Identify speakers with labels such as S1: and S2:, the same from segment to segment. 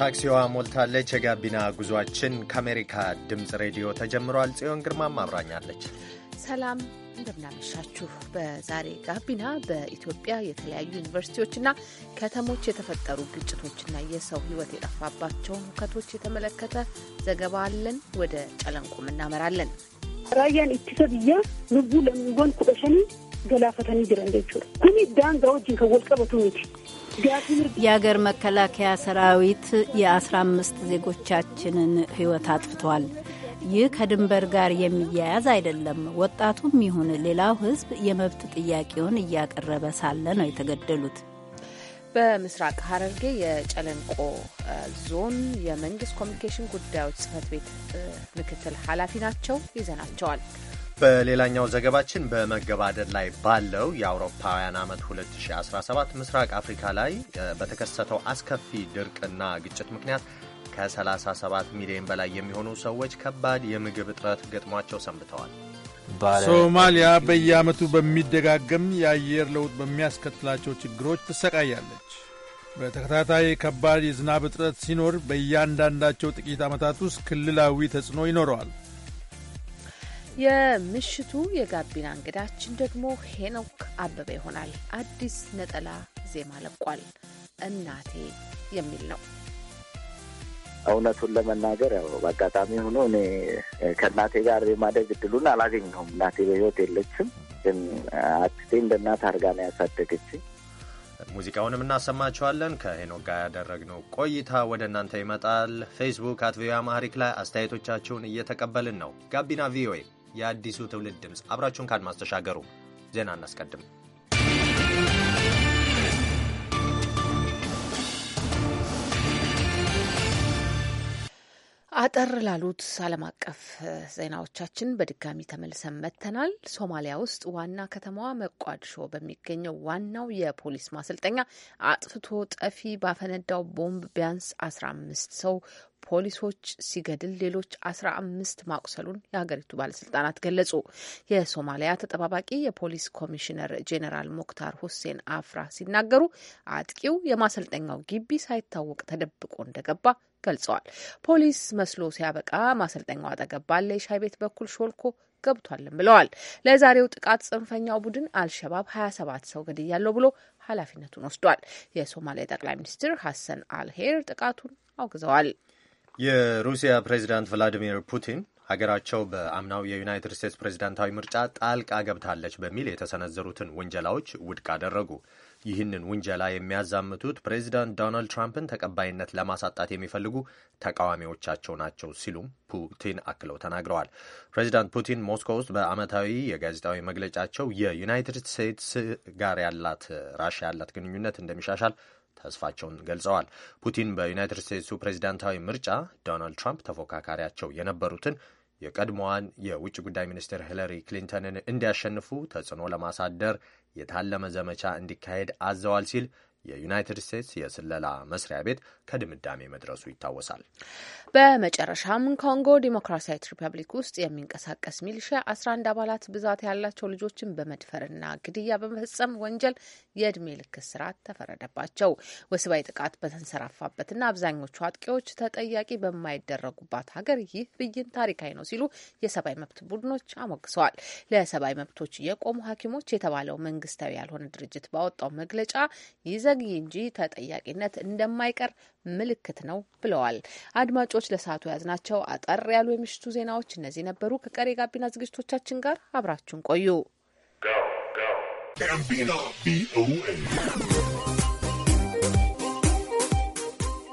S1: ታክሲዋ ሞልታለች። የጋቢና ጉዟችን ከአሜሪካ ድምፅ ሬዲዮ ተጀምሯል። ጽዮን ግርማ ማብራኛለች።
S2: ሰላም እንደምናመሻችሁ። በዛሬ ጋቢና በኢትዮጵያ የተለያዩ ዩኒቨርሲቲዎችና ከተሞች የተፈጠሩ ግጭቶችና የሰው ሕይወት የጠፋባቸውን ሁከቶች የተመለከተ ዘገባ አለን። ወደ ጨለንቁም እናመራለን።
S3: ራያን እያ ንቡ ለምንጎን ኩበሸኒ ገላፈተኒ ጅረ ኩኒ ዳንጋ ከወልቀበቱ ቲ የአገር መከላከያ ሰራዊት የ15 ዜጎቻችንን ህይወት አጥፍቷል። ይህ ከድንበር ጋር የሚያያዝ አይደለም። ወጣቱም ይሁን ሌላው ህዝብ የመብት ጥያቄውን እያቀረበ ሳለ ነው የተገደሉት።
S2: በምስራቅ ሀረርጌ የጨለንቆ ዞን የመንግስት ኮሚኒኬሽን ጉዳዮች ጽህፈት ቤት ምክትል ኃላፊ ናቸው። ይዘናቸዋል።
S1: በሌላኛው ዘገባችን በመገባደድ ላይ ባለው የአውሮፓውያን ዓመት 2017 ምስራቅ አፍሪካ ላይ በተከሰተው አስከፊ ድርቅና ግጭት ምክንያት ከ37 ሚሊዮን በላይ የሚሆኑ ሰዎች ከባድ የምግብ እጥረት ገጥሟቸው ሰንብተዋል።
S4: ሶማሊያ በየዓመቱ በሚደጋገም የአየር ለውጥ በሚያስከትላቸው ችግሮች ትሰቃያለች። በተከታታይ ከባድ የዝናብ እጥረት ሲኖር በእያንዳንዳቸው ጥቂት ዓመታት ውስጥ ክልላዊ ተጽዕኖ ይኖረዋል።
S2: የምሽቱ የጋቢና እንግዳችን ደግሞ ሄኖክ አበበ ይሆናል። አዲስ ነጠላ ዜማ ለቋል። እናቴ የሚል ነው።
S5: እውነቱን ለመናገር ያው በአጋጣሚ ሆኖ እኔ ከእናቴ ጋር የማደግ እድሉን አላገኘሁም። እናቴ በሕይወት የለችም፣ ግን አክስቴ እንደ እናት አድርጋ ነው ያሳደገችኝ።
S1: ሙዚቃውንም እናሰማችኋለን። ከሄኖክ ጋር ያደረግነው ቆይታ ወደ እናንተ ይመጣል። ፌስቡክ አት ቪኦኤ አማሪክ ላይ አስተያየቶቻችሁን እየተቀበልን ነው። ጋቢና ቪኦኤ የአዲሱ ትውልድ ድምፅ። አብራችሁን ካድማስ ተሻገሩ። ዜና እናስቀድም።
S2: አጠር ላሉት ዓለም አቀፍ ዜናዎቻችን በድጋሚ ተመልሰን መጥተናል። ሶማሊያ ውስጥ ዋና ከተማዋ መቋድሾ በሚገኘው ዋናው የፖሊስ ማሰልጠኛ አጥፍቶ ጠፊ ባፈነዳው ቦምብ ቢያንስ አስራ አምስት ሰው ፖሊሶች ሲገድል ሌሎች አስራ አምስት ማቁሰሉን የሀገሪቱ ባለስልጣናት ገለጹ። የሶማሊያ ተጠባባቂ የፖሊስ ኮሚሽነር ጄኔራል ሞክታር ሁሴን አፍራ ሲናገሩ አጥቂው የማሰልጠኛው ግቢ ሳይታወቅ ተደብቆ እንደገባ ገልጸዋል። ፖሊስ መስሎ ሲያበቃ ማሰልጠኛው አጠገብ ባለ የሻይ ቤት በኩል ሾልኮ ገብቷልም ብለዋል። ለዛሬው ጥቃት ጽንፈኛው ቡድን አልሸባብ 27 ሰው ገድያለሁ ብሎ ኃላፊነቱን ወስዷል። የሶማሊያ ጠቅላይ ሚኒስትር ሐሰን አልሄር ጥቃቱን አውግዘዋል።
S1: የሩሲያ ፕሬዚዳንት ቭላዲሚር ፑቲን ሀገራቸው በአምናው የዩናይትድ ስቴትስ ፕሬዚዳንታዊ ምርጫ ጣልቃ ገብታለች በሚል የተሰነዘሩትን ውንጀላዎች ውድቅ አደረጉ። ይህንን ውንጀላ የሚያዛምቱት ፕሬዚዳንት ዶናልድ ትራምፕን ተቀባይነት ለማሳጣት የሚፈልጉ ተቃዋሚዎቻቸው ናቸው ሲሉም ፑቲን አክለው ተናግረዋል። ፕሬዚዳንት ፑቲን ሞስኮ ውስጥ በዓመታዊ የጋዜጣዊ መግለጫቸው የዩናይትድ ስቴትስ ጋር ያላት ራሽያ ያላት ግንኙነት እንደሚሻሻል ተስፋቸውን ገልጸዋል። ፑቲን በዩናይትድ ስቴትሱ ፕሬዚዳንታዊ ምርጫ ዶናልድ ትራምፕ ተፎካካሪያቸው የነበሩትን የቀድሞዋን የውጭ ጉዳይ ሚኒስትር ሂለሪ ክሊንተንን እንዲያሸንፉ ተጽዕኖ ለማሳደር የታለመ ዘመቻ እንዲካሄድ አዘዋል ሲል የዩናይትድ ስቴትስ የስለላ መስሪያ ቤት ከድምዳሜ መድረሱ ይታወሳል።
S2: በመጨረሻም ኮንጎ ዲሞክራሲያዊት ሪፐብሊክ ውስጥ የሚንቀሳቀስ ሚሊሻ 11 አባላት ብዛት ያላቸው ልጆችን በመድፈርና ግድያ በመፈጸም ወንጀል የእድሜ ልክ እስራት ተፈረደባቸው። ወሲባዊ ጥቃት በተንሰራፋበትና አብዛኞቹ አጥቂዎች ተጠያቂ በማይደረጉባት ሀገር ይህ ብይን ታሪካዊ ነው ሲሉ የሰብአዊ መብት ቡድኖች አሞግሰዋል። ለሰብአዊ መብቶች የቆሙ ሐኪሞች የተባለው መንግስታዊ ያልሆነ ድርጅት ባወጣው መግለጫ ይዘ ተገቢ እንጂ ተጠያቂነት እንደማይቀር ምልክት ነው ብለዋል። አድማጮች ለሰዓቱ ናቸው አጠር ያሉ የምሽቱ ዜናዎች እነዚህ ነበሩ። ከቀሪ የጋቢና ዝግጅቶቻችን ጋር አብራችሁን ቆዩ።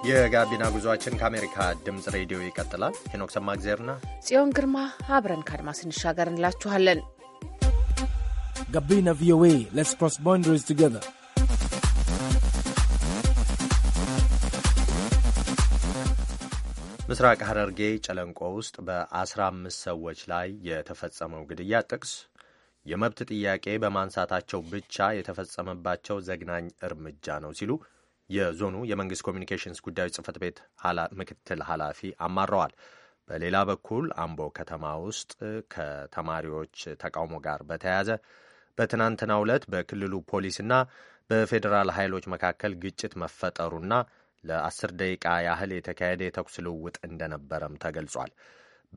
S1: የጋቢና ጉዟችን ከአሜሪካ ድምፅ ሬዲዮ ይቀጥላል። ሄኖክ ሰማግዜርና
S2: ጽዮን ግርማ አብረን ከአድማስ ስንሻገር እንላችኋለን። ጋቢና
S4: ቪኦኤ ሌትስ ክሮስ ባውንደሪስ ቱጌዘር
S1: ምስራቅ ሐረርጌ ጨለንቆ ውስጥ በ15 ሰዎች ላይ የተፈጸመው ግድያ ጥቅስ የመብት ጥያቄ በማንሳታቸው ብቻ የተፈጸመባቸው ዘግናኝ እርምጃ ነው ሲሉ የዞኑ የመንግስት ኮሚኒኬሽንስ ጉዳዮች ጽህፈት ቤት ምክትል ኃላፊ አማረዋል። በሌላ በኩል አምቦ ከተማ ውስጥ ከተማሪዎች ተቃውሞ ጋር በተያያዘ በትናንትናው ዕለት በክልሉ ፖሊስና በፌዴራል ኃይሎች መካከል ግጭት መፈጠሩና ለአስር ደቂቃ ያህል የተካሄደ የተኩስ ልውውጥ እንደነበረም ተገልጿል።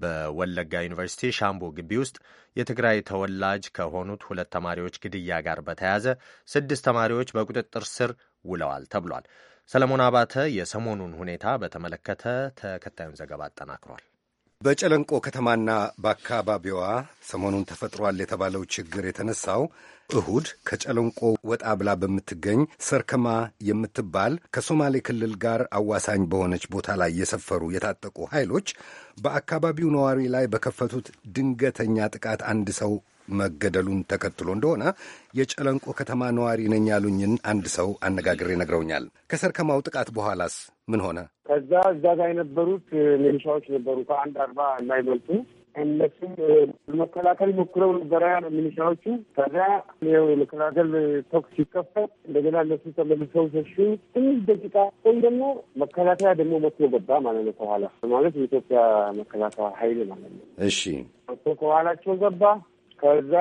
S1: በወለጋ ዩኒቨርሲቲ ሻምቦ ግቢ ውስጥ የትግራይ ተወላጅ ከሆኑት ሁለት ተማሪዎች ግድያ ጋር በተያያዘ ስድስት ተማሪዎች በቁጥጥር ስር ውለዋል ተብሏል። ሰለሞን አባተ የሰሞኑን ሁኔታ በተመለከተ ተከታዩን ዘገባ አጠናክሯል። በጨለንቆ
S6: ከተማና በአካባቢዋ ሰሞኑን ተፈጥሯል የተባለው ችግር የተነሳው እሁድ ከጨለንቆ ወጣ ብላ በምትገኝ ሰርከማ የምትባል ከሶማሌ ክልል ጋር አዋሳኝ በሆነች ቦታ ላይ የሰፈሩ የታጠቁ ኃይሎች በአካባቢው ነዋሪ ላይ በከፈቱት ድንገተኛ ጥቃት አንድ ሰው መገደሉን ተከትሎ እንደሆነ የጨለንቆ ከተማ ነዋሪ ነኝ ያሉኝን አንድ ሰው አነጋግሬ ነግረውኛል። ከሰርከማው ጥቃት በኋላስ ምን ሆነ?
S7: ከዛ እዛ ጋር የነበሩት ሚሊሻዎች ነበሩ ከአንድ አርባ የማይበልጡ እነሱም መከላከል ሞክረው ነበረ ሚሊሻዎቹ። ከዛ የመከላከል ተኩስ ሲከፈት እንደገና እነሱ ተመልሰው ሸሹ። ትንሽ ደቂቃ ቆይ ደግሞ መከላከያ ደግሞ መቶ ገባ ማለት ነው። ከኋላ ማለት የኢትዮጵያ መከላከያ ኃይል ማለት ነው። እሺ መቶ ከኋላቸው ገባ። ከዛ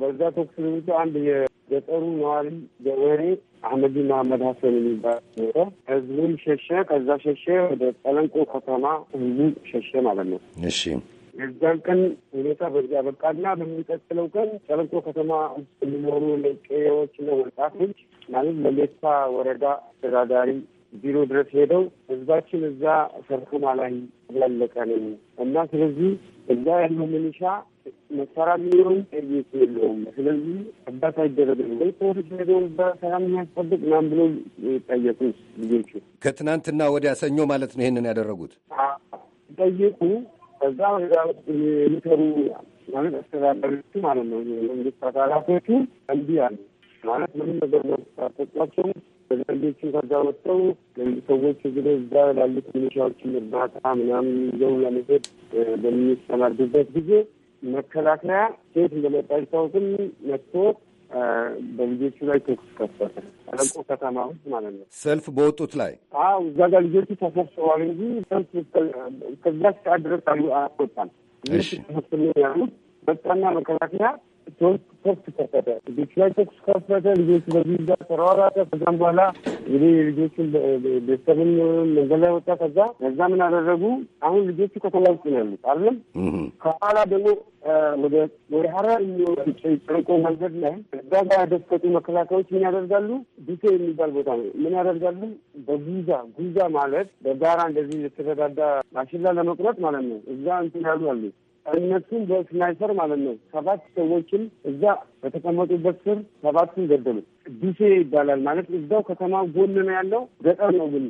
S7: በዛ ተኩስ አንድ የገጠሩ ነዋሪ ገበሬ አህመድ መሀመድ ሀሰን የሚባል ኖረ። ህዝቡን ሸሸ። ከዛ ሸሸ ወደ ጠለንቆ ከተማ ህዝቡ ሸሸ ማለት ነው። እሺ የዛን ቀን ሁኔታ በዚያ በቃና በሚቀጥለው ቀን ጠለንቆ ከተማ ውስጥ የሚኖሩ ቀዬዎችና ወጣቶች ማለት ለሜታ ወረዳ አስተዳዳሪ ቢሮ ድረስ ሄደው ህዝባችን እዛ ሰርኩማ ያለቀ ነው እና ስለዚህ እዛ ያለው ምንሻ መሰራ ቢኖርም ጠይቅ የለውም። ስለዚህ እርዳታ ይደረግል ወይ ፖሊስ ተወሰደው በሰላም የሚያስጠብቅ ናም ብሎ ጠየቁ ልጆቹ።
S6: ከትናንትና ወዲያ ሰኞ ማለት ነው ይሄንን ያደረጉት
S7: ጠየቁ። ከዛ የሚሰሩ ማለት አስተዳዳሪዎቹ ማለት ነው መንግስት አካላቶቹ እንዲ አሉ ማለት ምንም ነገር ማስታጠቋቸው በዘርጌቹ ከዛ ወጥተው ሰዎች እንግዲህ እዛ ላሉት ሚሊሻዎችን እርዳታ ምናምን ይዘው ለመሄድ በሚሰማርዱበት ጊዜ መከላከያ ሴት እንደመጣ ይታወቅም መጥቶ በልጆቹ ላይ ተኩስ ከፈተ። አለቆ ከተማ ውስጥ ማለት ነው።
S6: ሰልፍ በወጡት ላይ
S7: አዎ፣ እዛ ጋር ልጆቹ ተሰብስበዋል እንጂ ሰልፍ ከዛ ሰዓት ድረስ አልወጣም። ያሉት መጣና መከላከያ ቶክስ ከፈተ። ልጆቹ ላይ ቶክስ ከፈተ። ልጆቹ በዚህ ዛ ተሯሯጠ። ከዛም በኋላ እንግዲህ ልጆቹን ቤተሰብን መንገድ ላይ ወጣ። ከዛ ከዛ ምን አደረጉ? አሁን ልጆቹ ከተማ ውጭ ነው ያሉት አይደለም። ከኋላ ደግሞ ወደ ሀረር ጨርቆ መንገድ ላይ እዛ ጋር ያደፈጡ መከላከያዎች ምን ያደርጋሉ? ዱሴ የሚባል ቦታ ነው። ምን ያደርጋሉ? በጉዛ ጉዛ ማለት በጋራ እንደዚህ የተረዳዳ ማሽላ ለመቁረጥ ማለት ነው። እዛ እንትን ያሉ አሉ እነሱም በስናይፐር ማለት ነው ሰባት ሰዎችን እዛ በተቀመጡበት ስር ሰባቱን ገደሉ። ዱሴ ይባላል ማለት እዛው ከተማ ጎን ነው ያለው፣ ገጠር ነው ግን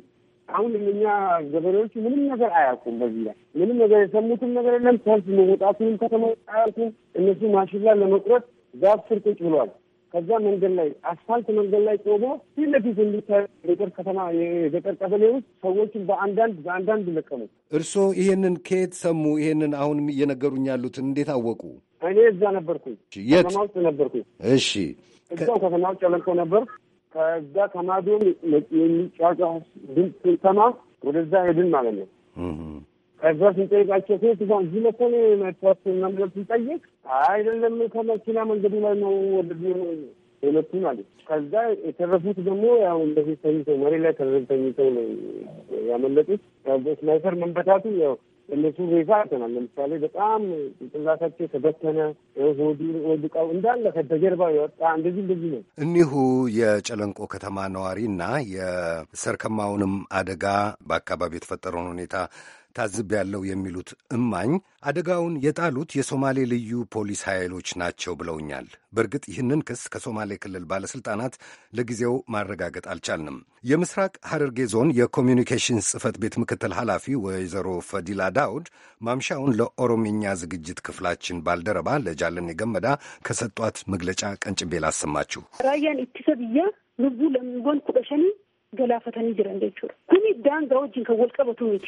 S7: አሁን እኛ ገበሬዎቹ ምንም ነገር አያውቁም። በዚህ ላይ ምንም ነገር የሰሙትም ነገር የለም። ሰልፍ መውጣቱንም ከተማ አያውቁም። እነሱ ማሽላ ለመቁረጥ ዛፍ ስር ቁጭ ብሏል። ከዛ መንገድ ላይ አስፋልት መንገድ ላይ ቆሞ ፊት ለፊት እንዲታይ ከተማ የገጠር ቀበሌ ውስጥ ሰዎችን በአንዳንድ በአንዳንድ ለቀሙ።
S6: እርስዎ ይሄንን ከየት ሰሙ? ይሄንን አሁን እየነገሩኝ ያሉትን እንዴት አወቁ?
S7: እኔ እዛ ነበርኩኝ፣ ከተማ ውስጥ ነበርኩኝ። እሺ፣ እዛው ከተማ ውስጥ ያለንከው ነበር። ከዛ ከማዶ የሚጫጫ ድምፅ ስንሰማ ወደዛ ሄድን ማለት ነው። ከዛ ስንጠይቃቸው ሴት ዛ እዚህ መኮ መጥፋት ምናምን ስንጠይቅ አይደለም ከመኪና መንገዱ ላይ ነው ወደዚህ ሁለቱ ማለት ከዛ የተረፉት ደግሞ ያው እንደዚህ ተኝተው መሬ ላይ ተኝተው ነው ያመለጡት። ስናይፐር መንበታቱ ያው እነሱ ሬሳ አይተናል። ለምሳሌ በጣም ጭንቅላታቸው ተበተነ፣ ወድቃው እንዳለ ከጀርባ የወጣ እንደዚህ እንደዚህ ነው።
S6: እኒሁ የጨለንቆ ከተማ ነዋሪ ነዋሪና የሰርከማውንም አደጋ በአካባቢ የተፈጠረውን ሁኔታ ያለው የሚሉት እማኝ አደጋውን የጣሉት የሶማሌ ልዩ ፖሊስ ኃይሎች ናቸው ብለውኛል። በእርግጥ ይህንን ክስ ከሶማሌ ክልል ባለሥልጣናት ለጊዜው ማረጋገጥ አልቻልንም። የምስራቅ ሐረርጌ ዞን የኮሚኒኬሽንስ ጽህፈት ቤት ምክትል ኃላፊ ወይዘሮ ፈዲላ ዳውድ ማምሻውን ለኦሮምኛ ዝግጅት ክፍላችን ባልደረባ ለጃለን የገመዳ ከሰጧት መግለጫ ቀንጭቤ ላሰማችሁ
S7: ራያን ኢትሰብያ ንቡ ለምንጎን ኩበሸኒ ገላፈተን ጅረን ጀቹር ኩኒ ዳንጋ ወጅን ከወልቀበቱ ሚቲ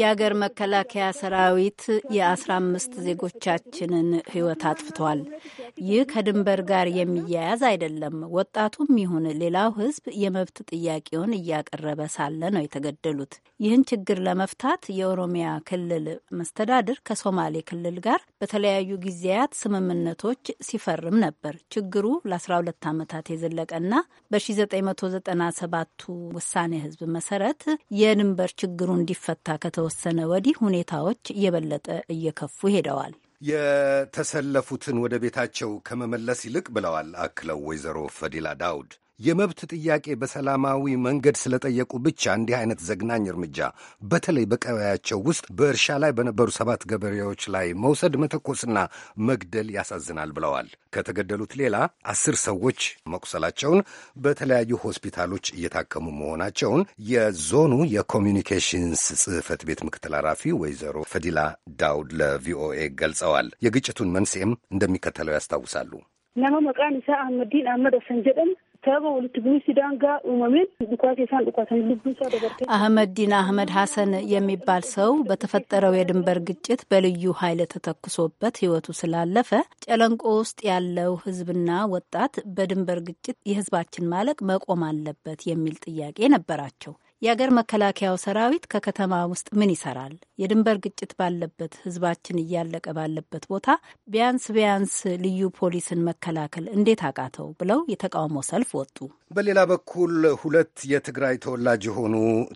S3: የአገር መከላከያ ሰራዊት የአስራ አምስት ዜጎቻችንን ህይወት አጥፍቷል። ይህ ከድንበር ጋር የሚያያዝ አይደለም። ወጣቱም ይሁን ሌላው ህዝብ የመብት ጥያቄውን እያቀረበ ሳለ ነው የተገደሉት። ይህን ችግር ለመፍታት የኦሮሚያ ክልል መስተዳድር ከሶማሌ ክልል ጋር በተለያዩ ጊዜያት ስምምነቶች ሲፈርም ነበር። ችግሩ ለ12 ዓመታት የዘለቀና በ1990 ሰባቱ ውሳኔ ህዝብ መሰረት የድንበር ችግሩ እንዲፈታ ከተወሰነ ወዲህ ሁኔታዎች እየበለጠ እየከፉ ሄደዋል።
S6: የተሰለፉትን ወደ ቤታቸው ከመመለስ ይልቅ ብለዋል አክለው ወይዘሮ ፈዲላ ዳውድ የመብት ጥያቄ በሰላማዊ መንገድ ስለጠየቁ ብቻ እንዲህ አይነት ዘግናኝ እርምጃ በተለይ በቀበያቸው ውስጥ በእርሻ ላይ በነበሩ ሰባት ገበሬዎች ላይ መውሰድ መተኮስና መግደል ያሳዝናል ብለዋል። ከተገደሉት ሌላ አስር ሰዎች መቁሰላቸውን፣ በተለያዩ ሆስፒታሎች እየታከሙ መሆናቸውን የዞኑ የኮሚኒኬሽንስ ጽህፈት ቤት ምክትል ኃላፊ ወይዘሮ ፈዲላ ዳውድ ለቪኦኤ ገልጸዋል። የግጭቱን መንስኤም እንደሚከተለው ያስታውሳሉ።
S3: nama maqaan
S7: isaa ahmadiin
S3: አህመድ ዲን አህመድ ሀሰን የሚባል ሰው በተፈጠረው የድንበር ግጭት በልዩ ኃይል ተተኩሶበት ህይወቱ ስላለፈ ጨለንቆ ውስጥ ያለው ህዝብና ወጣት በድንበር ግጭት የህዝባችን ማለቅ መቆም አለበት የሚል ጥያቄ ነበራቸው። የአገር መከላከያው ሰራዊት ከከተማ ውስጥ ምን ይሰራል? የድንበር ግጭት ባለበት ህዝባችን እያለቀ ባለበት ቦታ ቢያንስ ቢያንስ ልዩ ፖሊስን መከላከል እንዴት አቃተው? ብለው የተቃውሞ ሰልፍ ወጡ።
S6: በሌላ በኩል ሁለት የትግራይ ተወላጅ የሆኑ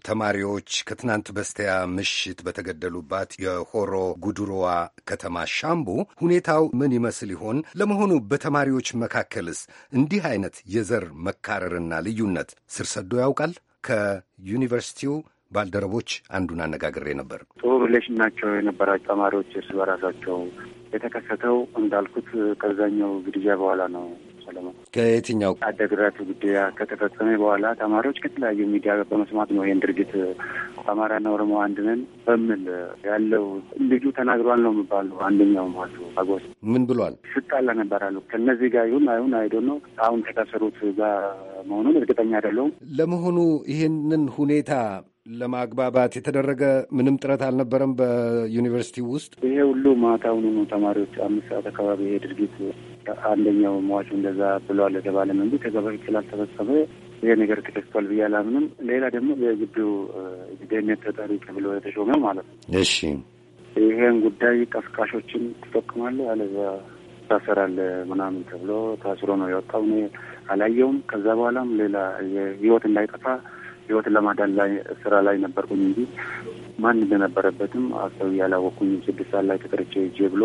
S6: ተማሪዎች ከትናንት በስቲያ ምሽት በተገደሉባት የሆሮ ጉድሮዋ ከተማ ሻምቡ ሁኔታው ምን ይመስል ይሆን? ለመሆኑ በተማሪዎች መካከልስ እንዲህ አይነት የዘር መካረርና ልዩነት ስር ሰዶ ያውቃል? ከዩኒቨርሲቲው ባልደረቦች አንዱን አነጋግሬ ነበር።
S8: ጥሩ ሪሌሽን ናቸው የነበራቸው ተማሪዎች እርስ በራሳቸው የተከሰተው እንዳልኩት ከዛኛው ግድያ በኋላ ነው ሰለሞን። ከየትኛው አደግራቱ ጉዳይ ከተፈጸመ በኋላ ተማሪዎች ከተለያዩ ሚዲያ በመስማት ነው ይህን ድርጊት አማራና ኦሮሞ አንድነን በሚል ያለው ልጁ ተናግሯል ነው የሚባሉ አንደኛው ማለት አጎስ ምን ብሏል? ስጣላ ነበር አሉ። ከነዚህ ጋር ይሁን አይሁን አይዶ ነው አሁን ከታሰሩት ጋር መሆኑን እርግጠኛ አይደለሁም።
S6: ለመሆኑ ይህንን ሁኔታ ለማግባባት የተደረገ ምንም ጥረት አልነበረም። በዩኒቨርሲቲ ውስጥ
S8: ይሄ ሁሉ ማታውኑ ነው ተማሪዎች አምስት ሰዓት አካባቢ ይሄ ድርጊት አንደኛው ሟቹ እንደዛ ብለዋል የተባለ እንጂ ከዛ በፊት ስላልተፈጸመ ይሄ ነገር ተከስቷል ብዬ አላምንም። ሌላ ደግሞ የግቢው ደህንነት ተጠሪ ተብሎ የተሾመ ማለት ነው። እሺ ይሄን ጉዳይ ቀስቃሾችን ትጠቅማለህ፣ አለዛ ታሰራለህ ምናምን ተብሎ ታስሮ ነው የወጣው። እኔ አላየውም። ከዛ በኋላም ሌላ ህይወት እንዳይጠፋ ህይወትን ለማዳን ላይ ስራ ላይ ነበርኩኝ እንጂ ማን እንደነበረበትም አሰብ ያላወኩኝ ስድስት ሰዓት ላይ ተጠርቼ እጄ ብሎ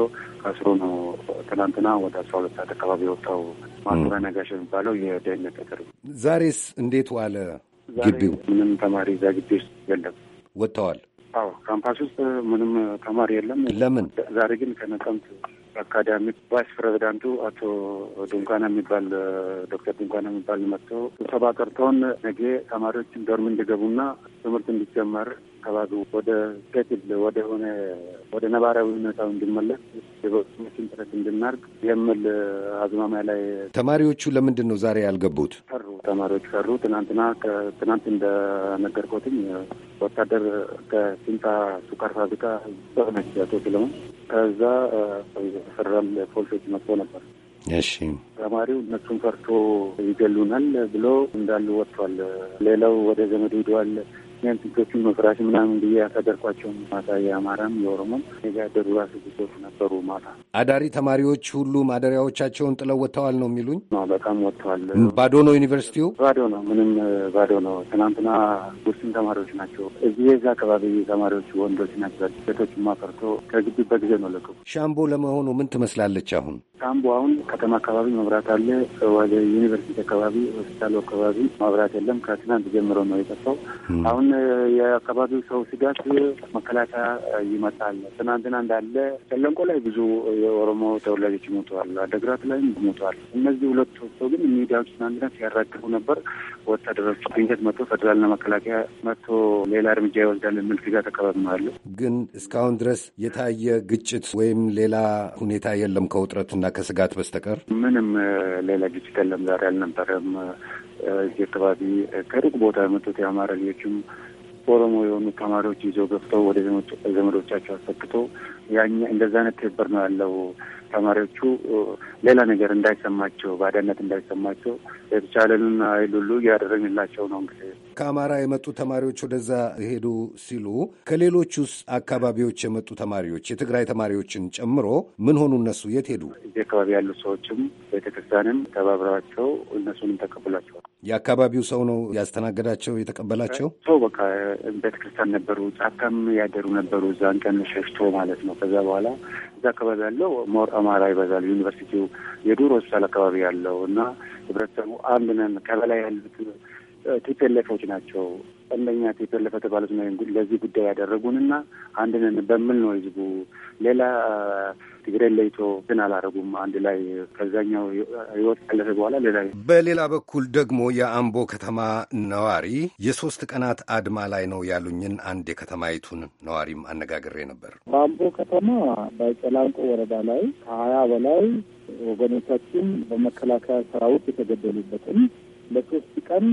S8: አስሮ ነው ትናንትና ወደ አስራ ሁለት ሰዓት አካባቢ የወጣው ማስራ ነጋሽ የሚባለው የደህንነት ተጠሪ።
S6: ዛሬስ እንዴት ዋለ ግቢው? ምንም
S8: ተማሪ እዛ ግቢ ውስጥ የለም፣ ወጥተዋል። አዎ ካምፓስ ውስጥ ምንም ተማሪ የለም። ለምን ዛሬ ግን ከነቀምት አካዳሚ ቫይስ ፕሬዚዳንቱ አቶ ድንኳና የሚባል ዶክተር ድንኳና የሚባል መጥቶ ስብሰባ ቀርተውን ነገ ተማሪዎችን ዶርም እንዲገቡና ትምህርት እንዲጀመር ከባቢ ወደ ሴትል ወደ ሆነ ወደ ነባራዊ ሁኔታው እንዲመለስ የበሱችን ጥረት እንድናርግ የምል አዝማሚያ ላይ
S6: ተማሪዎቹ ለምንድን ነው ዛሬ ያልገቡት?
S8: ቀሩ ተማሪዎች ቀሩ። ትናንትና ትናንት እንደነገርኩትኝ ወታደር ከስንጣ ሱካር ፋብሪካ ሆነች አቶ ስለሆን ከዛ ፌደራል ፖሊሶች መጥቶ ነበር። እሺ ተማሪው እነሱን ፈርቶ ይገሉናል ብሎ እንዳሉ ወጥቷል። ሌላው ወደ ዘመድ ሂደዋል። ምክንያት ልጆቹን መፍራት ምናምን ብዬ ያሳደርኳቸውን ማታ የአማራም የኦሮሞም የጋደሩ ራሱ ልጆች ነበሩ። ማታ
S6: አዳሪ ተማሪዎች ሁሉ ማደሪያዎቻቸውን ጥለው ወጥተዋል ነው የሚሉኝ።
S8: በጣም ወጥተዋል። ባዶ ነው ዩኒቨርሲቲው፣ ባዶ ነው፣ ምንም ባዶ ነው። ትናንትና ውስን ተማሪዎች ናቸው። እዚህ የዛ አካባቢ ተማሪዎች ወንዶች ናቸው። ሴቶች ማፈርቶ ከግቢ በጊዜ ነው ለቅ
S6: ሻምቦ ለመሆኑ ምን ትመስላለች አሁን?
S8: ሻምቦ አሁን ከተማ አካባቢ መብራት አለ። ወደ ዩኒቨርሲቲ አካባቢ ሆስፒታሉ አካባቢ መብራት የለም። ከትናንት ጀምሮ ነው የጠፋው አሁን የአካባቢው ሰው ስጋት መከላከያ ይመጣል። ትናንትና እንዳለ ጨለንቆ ላይ ብዙ የኦሮሞ ተወላጆች ሞተዋል፣ አደግራት ላይም ሞተዋል። እነዚህ ሁለቱ ሰው ግን ሚዲያዎች ትናንትና ሲያራግቡ ነበር። ወታደሮች ድንገት መጥቶ ፌደራልና መከላከያ መጥቶ ሌላ እርምጃ ይወስዳል የሚል ስጋት አካባቢ ነው
S6: ግን እስካሁን ድረስ የታየ ግጭት ወይም ሌላ ሁኔታ የለም ከውጥረትና ከስጋት በስተቀር
S8: ምንም ሌላ ግጭት የለም። ዛሬ አልነበረም። እዚህ አካባቢ ከሩቅ ቦታ የመጡት የአማራ ልጆችም ኦሮሞ የሆኑ ተማሪዎች ይዘው ገብተው ወደ ዘመዶቻቸው አስፈክቶ ያኛ እንደዛ አይነት ትብብር ነው ያለው ተማሪዎቹ ሌላ ነገር እንዳይሰማቸው ባዳነት እንዳይሰማቸው የተቻለንን ኃይል ሁሉ እያደረግንላቸው ነው። እንግዲህ
S6: ከአማራ የመጡ ተማሪዎች ወደዛ ሄዱ ሲሉ ከሌሎቹስ አካባቢዎች የመጡ ተማሪዎች የትግራይ ተማሪዎችን ጨምሮ ምን ሆኑ? እነሱ የት ሄዱ?
S8: እዚህ አካባቢ ያሉ ሰዎችም ቤተክርስቲያንም ተባብረዋቸው እነሱንም ተቀብሏቸዋል።
S6: የአካባቢው ሰው ነው ያስተናገዳቸው የተቀበላቸው
S8: ሰው በቃ ቤተክርስቲያን ነበሩ፣ ጫካም ያደሩ ነበሩ። እዛን ቀን ሸሽቶ ማለት ነው። ከዛ በኋላ አካባቢ ያለው ሞር አማራ ይበዛል። ዩኒቨርሲቲው የዱር ሆስፒታል አካባቢ ያለው እና ህብረተሰቡ አንድ ነን ከበላይ ያሉት ቲፒኤልኤፎች ናቸው ጠለኛ የተለፈ ተባሉት ለዚህ ጉዳይ ያደረጉንና አንድነን በምል ነው ህዝቡ ሌላ ትግራይ ለይቶ ግን አላረጉም። አንድ ላይ ከዛኛው ህይወት ካለፈ በኋላ ሌላ።
S6: በሌላ በኩል ደግሞ የአምቦ ከተማ ነዋሪ የሶስት ቀናት አድማ ላይ ነው ያሉኝን አንድ የከተማይቱን ነዋሪም አነጋግሬ ነበር።
S8: በአምቦ ከተማ በጨላንቆ ወረዳ ላይ ከሀያ በላይ ወገኖቻችን በመከላከያ ሰራዊት የተገደሉበትን ለሶስት ቀን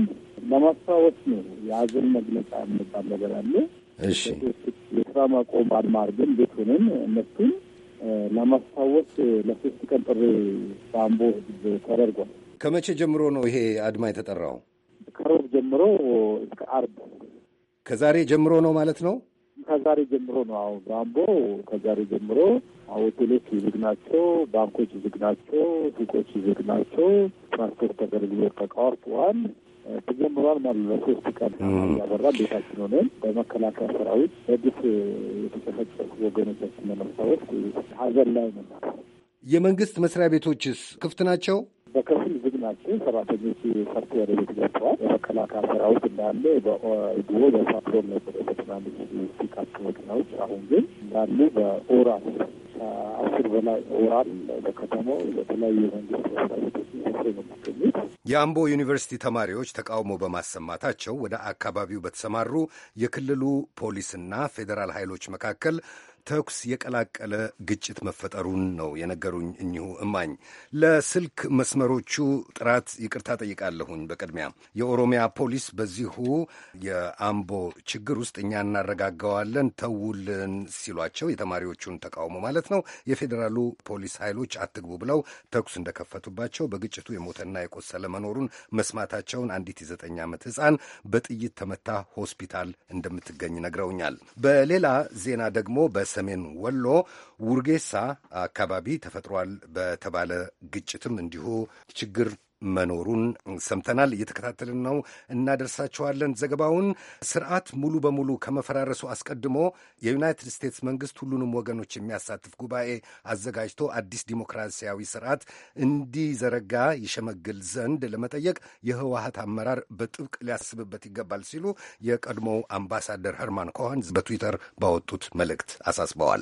S8: ለማስታወስ ነው። የሀዘን መግለጫ የሚባል ነገር አለ። የስራ ማቆም አድማ አድርገን ቤት ሆነን እነሱን ለማስታወስ ለሶስት ቀን ጥሪ በአምቦ ተደርጓል።
S6: ከመቼ ጀምሮ ነው ይሄ አድማ የተጠራው?
S8: ከሮብ ጀምሮ እስከ አርብ።
S6: ከዛሬ ጀምሮ ነው ማለት ነው።
S7: ከዛሬ ጀምሮ ነው። አሁን በአምቦ ከዛሬ ጀምሮ
S8: ሆቴሎች ዝግ ናቸው፣ ባንኮች ዝግ ናቸው፣ ሱቆች ዝግ ናቸው፣ ትራንስፖርት አገልግሎት ተቋርጧል። ተጀምሯል ማለት ነው። ሶስት ቀን እያበራ ቤታችን ሆነን በመከላከያ ሰራዊት በግፍ የተጨፈጨፉ ወገኖቻችን ለመሳወት ሀዘን ላይ ነና የመንግስት መስሪያ ቤቶችስ ክፍት ናቸው? በከፊል ዝግ ናቸው። ሰራተኞች ሰርቶ ወደ ቤት ገብተዋል። የመከላከያ ሰራዊት እንዳለ ድሮ በፓትሮል ነበር በትናንሽ ፒክአፕ መኪናዎች። አሁን ግን እንዳሉ በኦራል አስር በላይ ኦራል በከተማው በተለያዩ የመንግስት መስሪያ ቤቶች ሰ የሚገኙት።
S6: የአምቦ ዩኒቨርሲቲ ተማሪዎች ተቃውሞ በማሰማታቸው ወደ አካባቢው በተሰማሩ የክልሉ ፖሊስና ፌዴራል ኃይሎች መካከል ተኩስ የቀላቀለ ግጭት መፈጠሩን ነው የነገሩኝ እኚሁ እማኝ። ለስልክ መስመሮቹ ጥራት ይቅርታ ጠይቃለሁኝ። በቅድሚያ የኦሮሚያ ፖሊስ በዚሁ የአምቦ ችግር ውስጥ እኛ እናረጋገዋለን ተውልን ሲሏቸው የተማሪዎቹን ተቃውሞ ማለት ነው የፌዴራሉ ፖሊስ ኃይሎች አትግቡ ብለው ተኩስ እንደከፈቱባቸው በግጭቱ የሞተና የቆሰለ መኖሩን መስማታቸውን አንዲት የዘጠኝ ዓመት ሕፃን በጥይት ተመታ ሆስፒታል እንደምትገኝ ነግረውኛል። በሌላ ዜና ደግሞ በ ሰሜን ወሎ ውርጌሳ አካባቢ ተፈጥሯል በተባለ ግጭትም እንዲሁ ችግር መኖሩን ሰምተናል። እየተከታተልን ነው፣ እናደርሳቸዋለን ዘገባውን። ስርዓት ሙሉ በሙሉ ከመፈራረሱ አስቀድሞ የዩናይትድ ስቴትስ መንግስት ሁሉንም ወገኖች የሚያሳትፍ ጉባኤ አዘጋጅቶ አዲስ ዲሞክራሲያዊ ስርዓት እንዲዘረጋ ይሸመግል ዘንድ ለመጠየቅ የህወሀት አመራር በጥብቅ ሊያስብበት ይገባል ሲሉ የቀድሞው አምባሳደር ሄርማን ኮኸን በትዊተር ባወጡት መልእክት አሳስበዋል።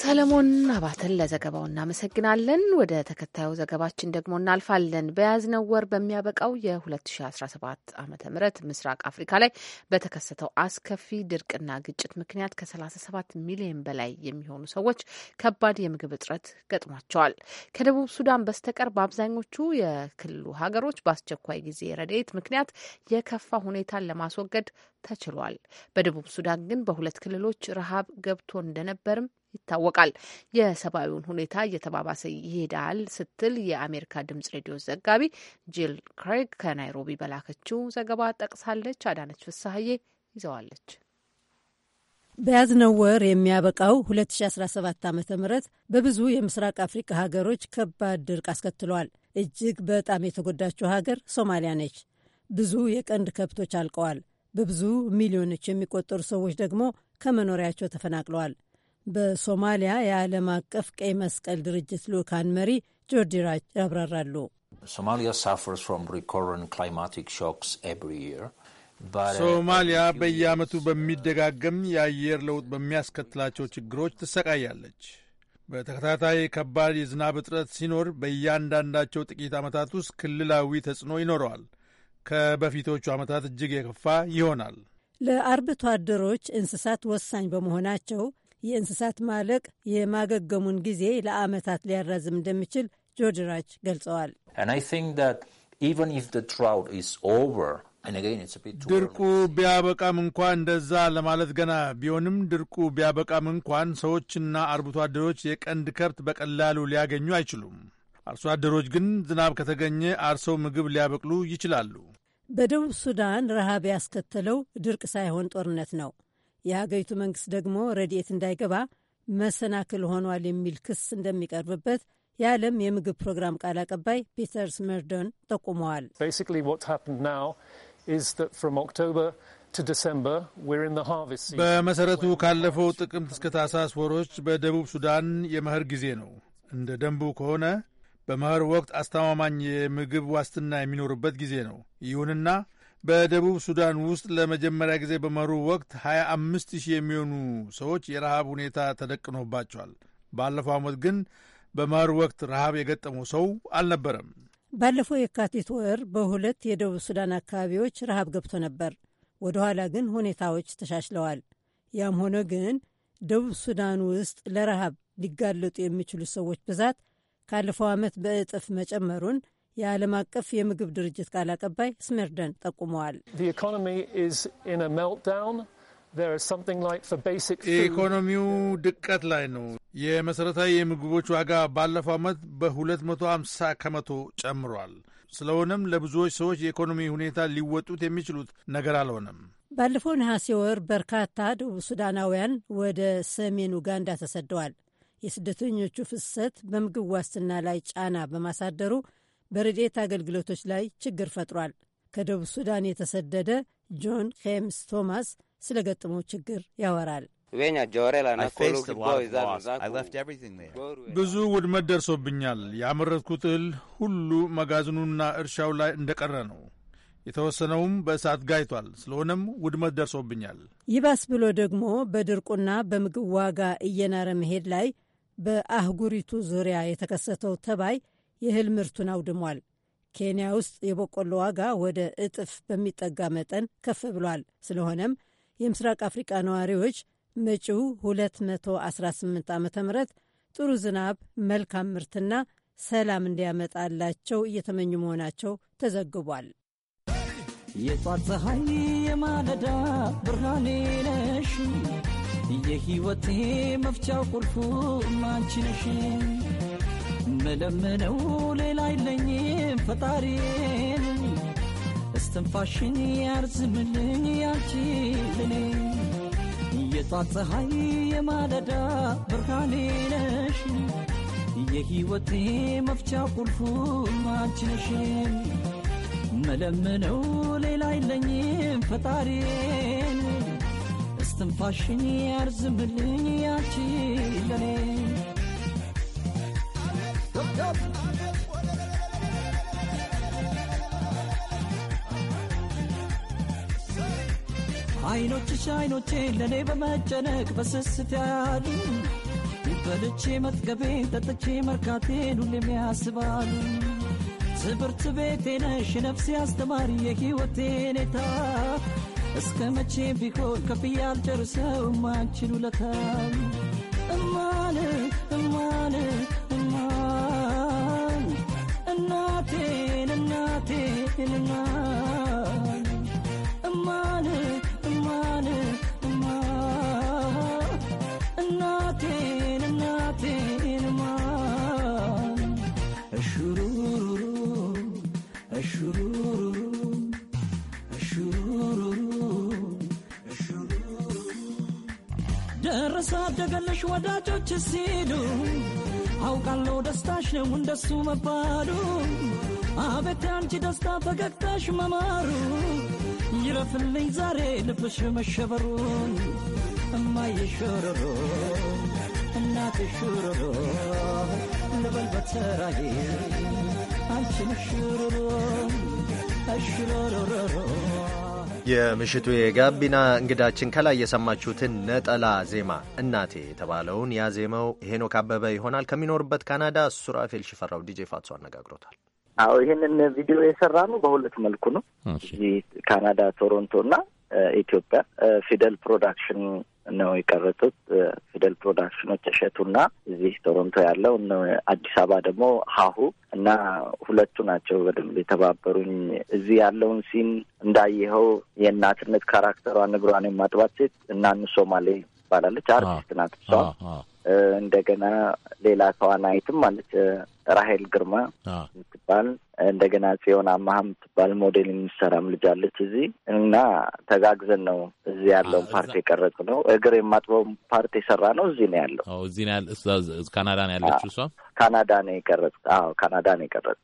S2: ሰለሞን አባተን ለዘገባው እናመሰግናለን። ወደ ተከታዩ ዘገባችን ደግሞ እናልፋለን። በያዝነው ወር በሚያበቃው የ2017 ዓ ም ምስራቅ አፍሪካ ላይ በተከሰተው አስከፊ ድርቅና ግጭት ምክንያት ከ37 ሚሊዮን በላይ የሚሆኑ ሰዎች ከባድ የምግብ እጥረት ገጥሟቸዋል። ከደቡብ ሱዳን በስተቀር በአብዛኞቹ የክልሉ ሀገሮች በአስቸኳይ ጊዜ ረድኤት ምክንያት የከፋ ሁኔታን ለማስወገድ ተችሏል። በደቡብ ሱዳን ግን በሁለት ክልሎች ረሃብ ገብቶ እንደነበርም ይታወቃል። የሰብአዊውን ሁኔታ እየተባባሰ ይሄዳል ስትል የአሜሪካ ድምጽ ሬዲዮ ዘጋቢ ጂል ክሬግ ከናይሮቢ በላከችው ዘገባ ጠቅሳለች። አዳነች ፍስሀዬ ይዘዋለች።
S9: በያዝነው ወር የሚያበቃው 2017 ዓ ም በብዙ የምስራቅ አፍሪካ ሀገሮች ከባድ ድርቅ አስከትሏል። እጅግ በጣም የተጎዳችው ሀገር ሶማሊያ ነች። ብዙ የቀንድ ከብቶች አልቀዋል። በብዙ ሚሊዮኖች የሚቆጠሩ ሰዎች ደግሞ ከመኖሪያቸው ተፈናቅለዋል። በሶማሊያ የዓለም አቀፍ ቀይ መስቀል ድርጅት ልኡካን መሪ ጆርጂ ራጅ ያብራራሉ።
S1: ሶማሊያ በየዓመቱ
S4: በሚደጋገም የአየር ለውጥ በሚያስከትላቸው ችግሮች ትሰቃያለች። በተከታታይ ከባድ የዝናብ እጥረት ሲኖር በእያንዳንዳቸው ጥቂት ዓመታት ውስጥ ክልላዊ ተጽዕኖ ይኖረዋል። ከበፊቶቹ ዓመታት እጅግ የከፋ ይሆናል።
S9: ለአርብቶ አደሮች እንስሳት ወሳኝ በመሆናቸው የእንስሳት ማለቅ የማገገሙን ጊዜ ለአመታት ሊያራዝም እንደሚችል ጆርጅ ራች ገልጸዋል።
S1: ድርቁ
S4: ቢያበቃም እንኳን እንደዛ ለማለት ገና ቢሆንም ድርቁ ቢያበቃም እንኳን ሰዎችና አርብቶ አደሮች የቀንድ ከብት በቀላሉ ሊያገኙ አይችሉም። አርሶ አደሮች ግን ዝናብ ከተገኘ አርሰው ምግብ ሊያበቅሉ ይችላሉ።
S9: በደቡብ ሱዳን ረሃብ ያስከተለው ድርቅ ሳይሆን ጦርነት ነው። የሀገሪቱ መንግስት ደግሞ ረድኤት እንዳይገባ መሰናክል ሆኗል የሚል ክስ እንደሚቀርብበት የዓለም የምግብ ፕሮግራም ቃል አቀባይ ፒተርስ መርዶን
S4: ጠቁመዋል። በመሰረቱ ካለፈው ጥቅምት እስከ ታህሳስ ወሮች በደቡብ ሱዳን የመኸር ጊዜ ነው። እንደ ደንቡ ከሆነ በመኸር ወቅት አስተማማኝ የምግብ ዋስትና የሚኖርበት ጊዜ ነው። ይሁንና በደቡብ ሱዳን ውስጥ ለመጀመሪያ ጊዜ በመሩ ወቅት 25 ሺህ የሚሆኑ ሰዎች የረሃብ ሁኔታ ተደቅኖባቸዋል። ባለፈው ዓመት ግን በመሩ ወቅት ረሃብ የገጠመው ሰው አልነበረም።
S9: ባለፈው የካቲት ወር በሁለት የደቡብ ሱዳን አካባቢዎች ረሃብ ገብቶ ነበር። ወደ ኋላ ግን ሁኔታዎች ተሻሽለዋል። ያም ሆነ ግን ደቡብ ሱዳን ውስጥ ለረሃብ ሊጋለጡ የሚችሉ ሰዎች ብዛት ካለፈው ዓመት በእጥፍ መጨመሩን የዓለም አቀፍ የምግብ ድርጅት ቃል አቀባይ ስሜርደን ጠቁመዋል።
S4: የኢኮኖሚው ድቀት ላይ ነው። የመሠረታዊ የምግቦች ዋጋ ባለፈው ዓመት በ250 ከመቶ ጨምሯል። ስለሆነም ለብዙዎች ሰዎች የኢኮኖሚ ሁኔታ ሊወጡት የሚችሉት ነገር አልሆነም።
S9: ባለፈው ነሐሴ ወር በርካታ ደቡብ ሱዳናውያን ወደ ሰሜን ኡጋንዳ ተሰደዋል። የስደተኞቹ ፍሰት በምግብ ዋስትና ላይ ጫና በማሳደሩ በረድኤት አገልግሎቶች ላይ ችግር ፈጥሯል። ከደቡብ ሱዳን የተሰደደ ጆን ኬምስ ቶማስ ስለ ገጠመው ችግር ያወራል።
S4: ብዙ ውድመት ደርሶብኛል። ያመረትኩት እህል ሁሉ መጋዘኑና እርሻው ላይ እንደቀረ ነው። የተወሰነውም በእሳት ጋይቷል። ስለሆነም ውድመት ደርሶብኛል።
S9: ይባስ ብሎ ደግሞ በድርቁና በምግብ ዋጋ እየናረ መሄድ ላይ በአህጉሪቱ ዙሪያ የተከሰተው ተባይ የእህል ምርቱን አውድሟል። ኬንያ ውስጥ የበቆሎ ዋጋ ወደ እጥፍ በሚጠጋ መጠን ከፍ ብሏል። ስለሆነም የምስራቅ አፍሪቃ ነዋሪዎች መጪው 218 ዓ ም ጥሩ ዝናብ፣ መልካም ምርትና ሰላም እንዲያመጣላቸው እየተመኙ መሆናቸው ተዘግቧል።
S10: የጧት ፀሐይ የማለዳ ብርሃኔ ነሽ፣ የሕይወቴ መፍቻው ቁልፉ ማንቺ ምለምነው ሌላ አይለኝም ፈጣሪን እስትንፋሽን ያርዝምልኝ ያንቺ ለኔ የጧት ፀሐይ የማለዳ ብርሃኔ ነሽ የሕይወቴ መፍቻ ቁልፉ አንቺ ነሽ መለምነው ሌላ አይለኝም ፈጣሪን እስትንፋሽን ያርዝምልኝ ያንቺ አይኖችሽ አይኖቼ ለእኔ በመጨነቅ በስስት ያሉ! በልቼ መጥገቤ ጠጥቼ መርካቴን ሁሌም ያስባሉ። ትምህርት ቤቴ ነሽ ነፍሴ አስተማሪ የሕይወቴ ኔታ እስከ መቼ ቢሆን ከፍዬ አልጨርሰውም አንቺን ውለታ ይልናል እማን እማን እማ እናቴን ወዳጆች ሲሉ አውቃለሁ ደስታሽ ነው እንደሱ መባሉ አቤት አንቺ ደስታ ፈገግታሽ መማሩ ይረፍልኝ ዛሬ ልብሽ መሸበሩን እማዬ ሾሮሮ እናቴ ሾሮሮ ልበል በተራዬ አንቺን ሹሮሮ እሽሮሮሮሮ
S1: የምሽቱ የጋቢና እንግዳችን ከላይ የሰማችሁትን ነጠላ ዜማ እናቴ የተባለውን ያዜመው ሄኖክ አበበ ይሆናል። ከሚኖርበት ካናዳ ሱራፌል ሽፈራው ዲጄ ፋትሶ አነጋግሮታል።
S5: አዎ ይህንን ቪዲዮ የሰራ ነው በሁለት መልኩ ነው። እዚህ ካናዳ ቶሮንቶ እና ኢትዮጵያ ፊደል ፕሮዳክሽን ነው የቀረጡት። ፊደል ፕሮዳክሽኖች እሸቱና እዚህ ቶሮንቶ ያለው አዲስ አበባ ደግሞ ሀሁ እና ሁለቱ ናቸው በደንብ የተባበሩኝ። እዚህ ያለውን ሲን እንዳየኸው የእናትነት ካራክተሯ ንግሯን የማጥባት ሴት እና ሶማሌ ትባላለች፣ አርቲስት ናት እሷ እንደገና ሌላ ተዋናይትም ማለት ራሄል ግርማ የምትባል እንደገና ጽዮን አማሃ የምትባል ሞዴል የሚሰራም ልጅ አለች እዚህ እና ተጋግዘን ነው እዚህ ያለውን ፓርቲ የቀረጽ ነው። እግር የማጥበው ፓርቲ የሰራ ነው እዚህ ነው ያለው።
S11: እዚህ ካናዳ ነው ያለችው እሷ ካናዳ ነው የቀረጽ። አዎ ካናዳ ነው የቀረጽ።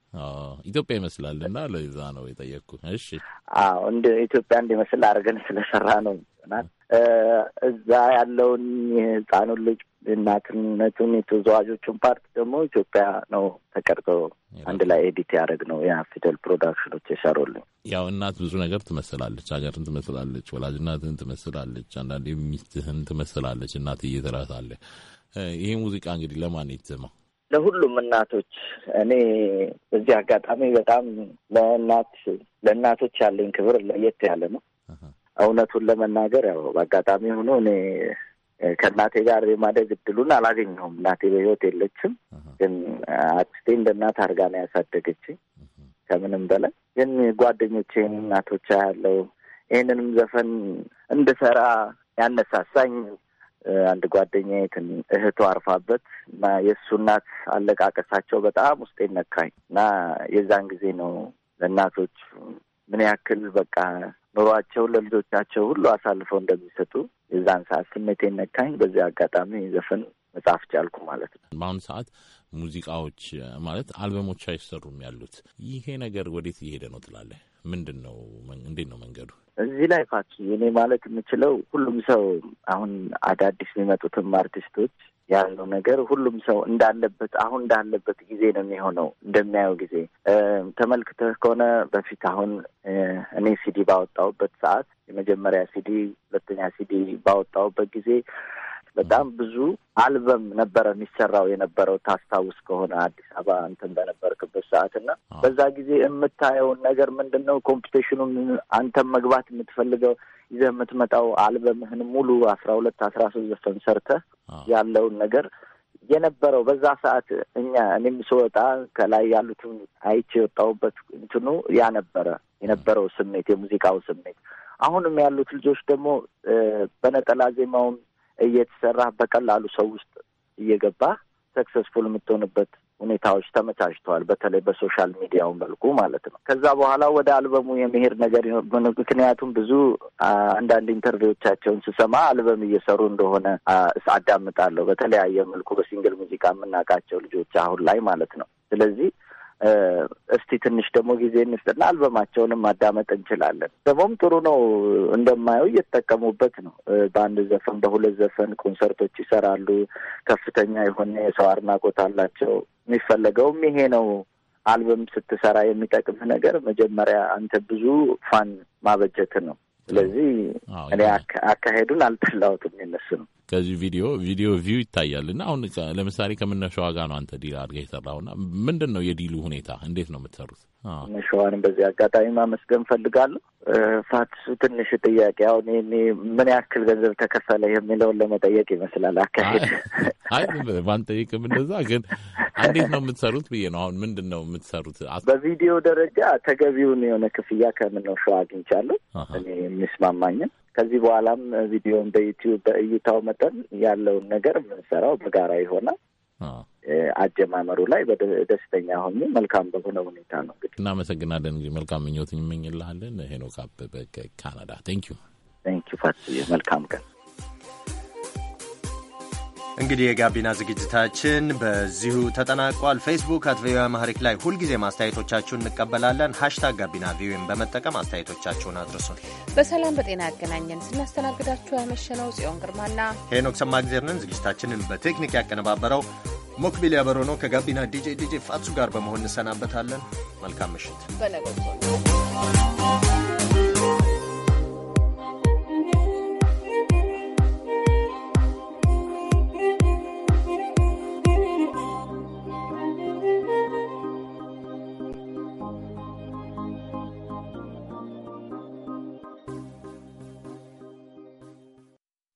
S11: ኢትዮጵያ ይመስላል እና ለዛ ነው
S5: የጠየቅኩ። እሺ፣ አዎ እንደ ኢትዮጵያ እንዲመስል አድርገን ስለሰራ ነው ደርሰናል። እዛ ያለውን የህፃኑን ልጅ ክንነቱን የተዘዋጆቹን ፓርት ደግሞ ኢትዮጵያ ነው ተቀርቶ አንድ ላይ ኤዲት ያደረግ ነው ያ ፊደል ፕሮዳክሽኖች
S11: የሰሩልኝ። ያው እናት ብዙ ነገር ትመስላለች፣ ሀገርን ትመስላለች፣ ወላጅ ትመስላለች፣ አንዳንዴ ሚስትህን ትመስላለች። እናት እየተራሳለ ይሄ ሙዚቃ እንግዲህ ለማን የተሰማ?
S5: ለሁሉም እናቶች። እኔ በዚህ አጋጣሚ በጣም ለእናት ለእናቶች ያለኝ ክብር ለየት ያለ ነው። እውነቱን ለመናገር ያው በአጋጣሚ ሆኖ እኔ ከእናቴ ጋር የማደግ እድሉን አላገኘሁም። እናቴ በሕይወት የለችም፣ ግን አክስቴ እንደ እናት አድርጋ ነው ያሳደገችኝ። ከምንም በላይ ግን ጓደኞቼን እናቶች ያለው ይህንንም ዘፈን እንድሰራ ያነሳሳኝ አንድ ጓደኛዬ እህቱ አርፋበት እና የእሱ እናት አለቃቀሳቸው በጣም ውስጤ ነካኝ እና የዛን ጊዜ ነው ለእናቶች ምን ያክል በቃ ኑሯቸውን ለልጆቻቸው ሁሉ አሳልፈው እንደሚሰጡ የዛን ሰዓት ስሜቴ ነካኝ። በዚህ አጋጣሚ ዘፈን መጻፍ ቻልኩ ማለት ነው።
S11: በአሁኑ ሰዓት ሙዚቃዎች ማለት አልበሞች አይሰሩም ያሉት ይሄ ነገር ወዴት እየሄደ ነው ትላለህ? ምንድን ነው እንዴት ነው መንገዱ?
S5: እዚህ ላይ ፋኪ እኔ ማለት የምችለው ሁሉም ሰው አሁን አዳዲስ የሚመጡትም አርቲስቶች ያለው ነገር ሁሉም ሰው እንዳለበት አሁን እንዳለበት ጊዜ ነው የሚሆነው። እንደሚያየው ጊዜ ተመልክተህ ከሆነ በፊት አሁን እኔ ሲዲ ባወጣሁበት ሰዓት የመጀመሪያ ሲዲ፣ ሁለተኛ ሲዲ ባወጣሁበት ጊዜ በጣም ብዙ አልበም ነበረ የሚሰራው የነበረው ታስታውስ ከሆነ አዲስ አበባ እንትን በነበርክበት ሰዓት እና በዛ ጊዜ የምታየውን ነገር ምንድን ነው ኮምፒቴሽኑን አንተን መግባት የምትፈልገው ይዘህ የምትመጣው አልበምህን ሙሉ አስራ ሁለት አስራ ሶስት ዘፈን ሰርተህ ያለውን ነገር የነበረው በዛ ሰዓት እኛ እኔም ስወጣ ከላይ ያሉትን አይቼ የወጣሁበት እንትኑ ያ ነበረ የነበረው ስሜት የሙዚቃው ስሜት። አሁንም ያሉት ልጆች ደግሞ በነጠላ ዜማውም እየተሰራ በቀላሉ ሰው ውስጥ እየገባ ሰክሰስፉል የምትሆንበት ሁኔታዎች ተመቻችተዋል። በተለይ በሶሻል ሚዲያው መልኩ ማለት ነው። ከዛ በኋላ ወደ አልበሙ የመሄድ ነገር ምክንያቱም ብዙ አንዳንድ ኢንተርቪዎቻቸውን ስሰማ አልበም እየሰሩ እንደሆነ አዳምጣለሁ። በተለያየ መልኩ በሲንግል ሙዚቃ የምናውቃቸው ልጆች አሁን ላይ ማለት ነው። ስለዚህ እስቲ ትንሽ ደግሞ ጊዜ እንስጥና አልበማቸውንም ማዳመጥ እንችላለን። ደግሞም ጥሩ ነው እንደማየው እየተጠቀሙበት ነው። በአንድ ዘፈን በሁለት ዘፈን ኮንሰርቶች ይሰራሉ። ከፍተኛ የሆነ የሰው አድናቆት አላቸው። የሚፈለገውም ይሄ ነው። አልበም ስትሰራ የሚጠቅም ነገር መጀመሪያ አንተ ብዙ ፋን ማበጀት ነው። ስለዚህ እኔ አካሄዱን
S11: አልጠላሁትም የነሱ ነው። ከዚህ ቪዲዮ ቪዲዮ ቪው ይታያል እና አሁን ለምሳሌ ከመነሻዋ ጋር ነው አንተ ዲል አድርገህ የሰራው እና ምንድን ነው የዲሉ ሁኔታ? እንዴት ነው የምትሰሩት?
S5: መሸዋንም በዚህ አጋጣሚ ማመስገን ፈልጋለሁ። ፋትሱ ትንሽ ጥያቄ አሁን ይህ ምን ያክል ገንዘብ ተከፈለ የሚለውን ለመጠየቅ ይመስላል አካሄድ።
S11: አይ ባንጠይቅም እንደዛ ግን እንዴት ነው የምትሰሩት ብዬ ነው። አሁን ምንድን ነው የምትሰሩት?
S5: በቪዲዮ ደረጃ ተገቢውን የሆነ ክፍያ ከምነው ሸዋ አግኝቻለሁ እኔ የሚስማማኝን ከዚህ በኋላም ቪዲዮን በዩቲዩብ በእይታው መጠን ያለውን ነገር የምንሰራው በጋራ ይሆናል። አጀማመሩ ላይ ደስተኛ ሆኜ መልካም በሆነ ሁኔታ ነው
S11: እንግዲህ። እናመሰግናለን። እንግዲህ መልካም ምኞት እንመኝልሃለን። ሄኖክ አበበ ከካናዳ። ቴንኪዩ ቴንኪዩ ፋትዬ መልካም ቀን።
S1: እንግዲህ የጋቢና ዝግጅታችን በዚሁ ተጠናቋል። ፌስቡክ አት ቪኦኤ አማሪክ ላይ ሁልጊዜ ማስተያየቶቻችሁን እንቀበላለን። ሀሽታግ ጋቢና ቪኦኤን በመጠቀም አስተያየቶቻችሁን አድርሱን።
S2: በሰላም በጤና ያገናኘን። ስናስተናግዳችሁ ያመሸነው ጽዮን ግርማና
S1: ሄኖክ ሰማግዜርንን። ዝግጅታችንን በቴክኒክ ያቀነባበረው ሞክቢል ያበሮ ነው። ከጋቢና ዲጄ ዲጄ ፋጹ ጋር በመሆን እንሰናበታለን። መልካም ምሽት።